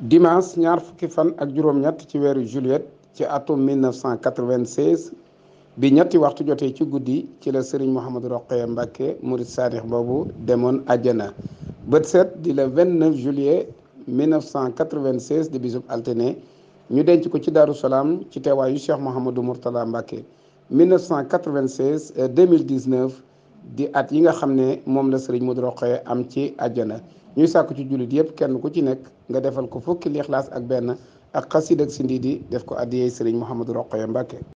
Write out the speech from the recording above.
dimanche ñaar fukki fan ak juróom-ñett ci weeru juillet ci atum 1996 bi ñetti waxtu jotee ci guddi ci la Serigne Mouhamadou Rokhaya Mbacké murid saadix boobu demoon àjjana bët set di le 29 juillet 1996 di bisub altine ñu denc ko ci Daaru Salaam ci teewaayu Cheikh Mouhamadou Mourtada Mbacké 1996 2019 di at yi nga xam ne moom la sëriñ Modou Rokhaya am ci àjjana ñuy sàkku ci jullit yëpp kenn ku ci nekk nga defal ko fukki lixlaas ak benn ak xasiid ak sindi di def ko addiyee sëriñ Mouhamadou Rokhaya Mbacke